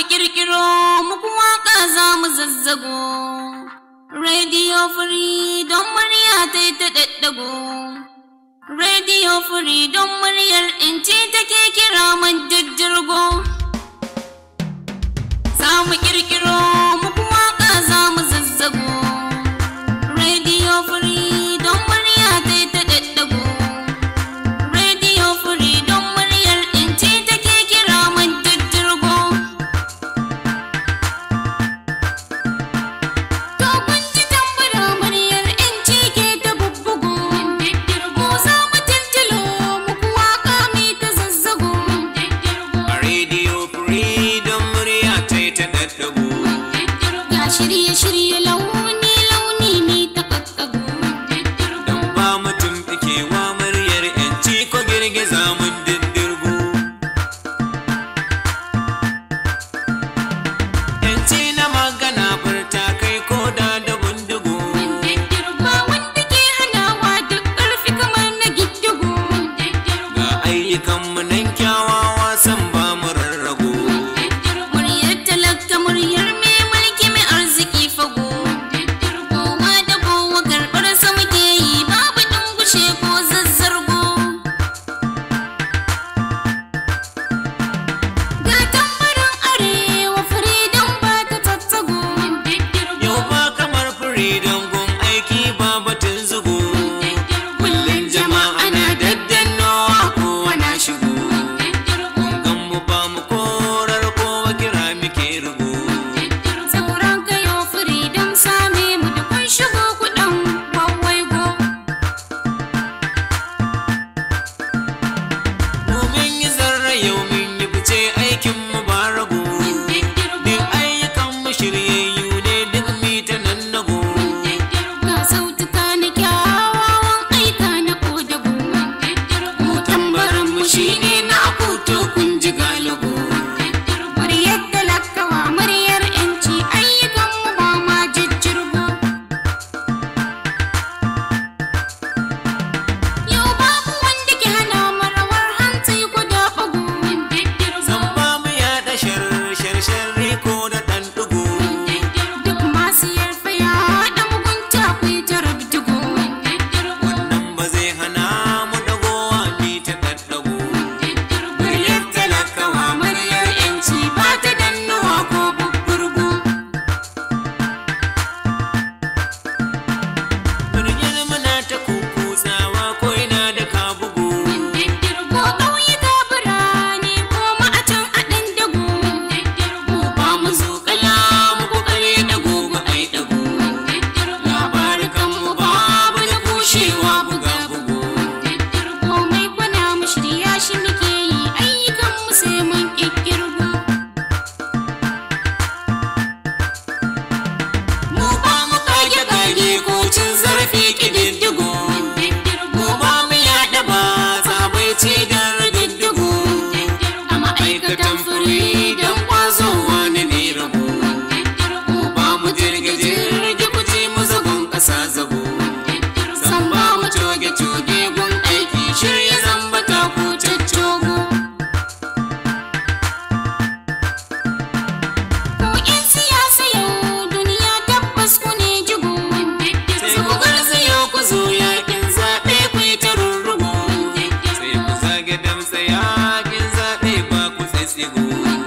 mu kirkiro muku waka za mu zazzago radio free don murya ta ta daddago radio free don muryar ce take kira mun jijjirgo za mu kirkiro shirye-shirye launi ¡Gracias!